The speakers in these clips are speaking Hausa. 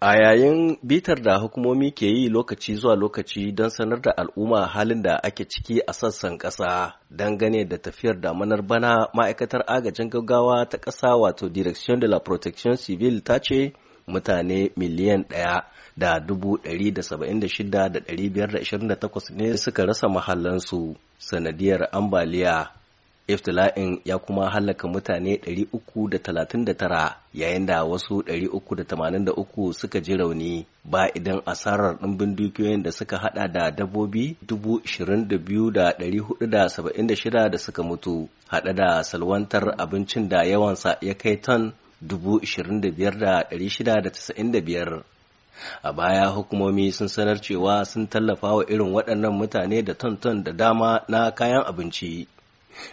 A yayin bitar da hukumomi ke yi lokaci zuwa lokaci don sanar da al'umma halin da ake ciki a sassan ƙasa dangane da tafiyar damanar bana ma'aikatar agajin gaggawa ta ƙasa wato Direction de la Protection Civil ta ce mutane miliyan ɗaya da dubu ɗari da saba'in da shida da ɗari biyar da ashirin da takwas ne suka rasa mahallansu sanadiyar ambaliya iftila'in ya kuma hallaka mutane 339 yayin da wasu 383 suka ji rauni ba idan asarar ɗumbin dukiyoyin da suka hada da dabbobi 22,476 da suka mutu hada da salwantar abincin da yawansa ya kai ton 25,695 a baya hukumomi sun sanar cewa sun tallafa wa irin waɗannan mutane da ton-ton da dama na kayan abinci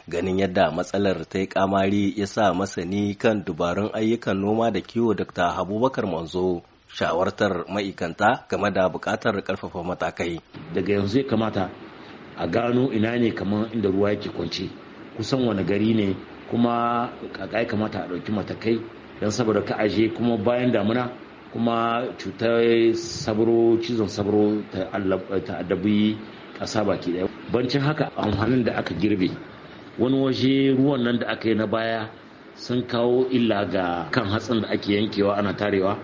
ganin yadda matsalar ta yi kamari ya sa masani kan dubarun ayyukan noma da kiwo dr habubakar manzo shawartar ma'ikanta game da buƙatar ƙarfafa matakai daga yanzu ya kamata a gano ina ne kamar inda ruwa yake kwance kusan wani gari ne kuma ya kamata a ɗauki matakai don saboda ka aje kuma bayan damuna kuma cutar sabro cizon sabro ta adabi ƙasa baki ɗaya bancin haka amfanin da aka girbe wani waje ruwan nan da aka yi na baya sun kawo illa ga kan hatsin da ake yankewa ana tarewa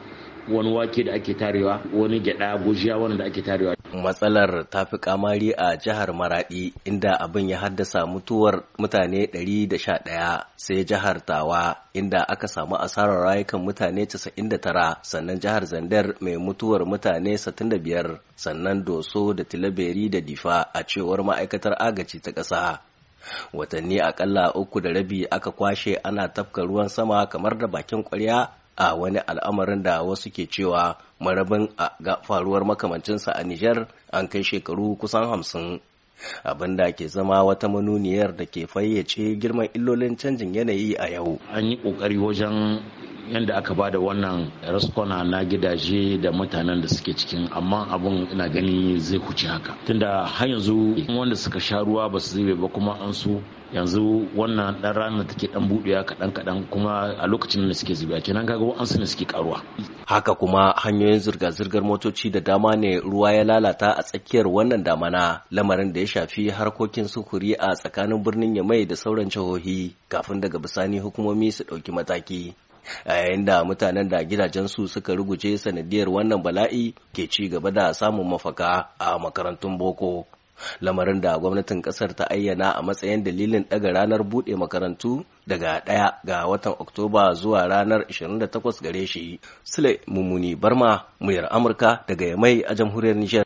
wani wake da ake tarewa wani gyada gujiya wani da ake tarewa matsalar ta fi kamari a jihar maradi inda abin ya haddasa mutuwar mutane 111 sai jihar tawa inda aka samu asarar rayukan mutane 99 sannan jihar zandar mai mutuwar mutane 65 sannan doso da tilaberi da difa a cewar ma'aikatar agaji ta ƙasa watanni akalla uku da rabi aka kwashe ana tafka ruwan sama kamar da bakin kwarya a wani al'amarin da wasu ke cewa marabin a faruwar makamancinsa a Nijar an kai shekaru kusan hamsin. abin da ke zama wata manuniyar da ke fayyace girman illolin canjin yanayi a yau. An yi ƙoƙari wajen yadda aka ba da wannan raskona na gidaje da mutanen da suke cikin amma abun ina gani zai huce haka tunda har yanzu wanda suka sha ruwa ba su zube ba kuma an su yanzu wannan dan ranar take dan buɗewa kaɗan kaɗan kuma a lokacin da suke zubewa kenan kaga an su ne suke karuwa haka kuma hanyoyin zirga-zirgar motoci da dama ne ruwa ya lalata a tsakiyar wannan damana lamarin da ya shafi harkokin sufuri a tsakanin birnin yamai da sauran jihohi kafin daga bisani hukumomi su ɗauki mataki a yayin da mutanen da gidajen su suka ruguje sanadiyar wannan bala'i ke ci gaba da samun mafaka a makarantun boko lamarin da gwamnatin kasar ta ayyana a matsayin dalilin daga ranar buɗe makarantu daga ɗaya ga watan oktoba zuwa ranar 28 gare shi sule mummuni barma muryar amurka daga yamai a jamhuriyar nijar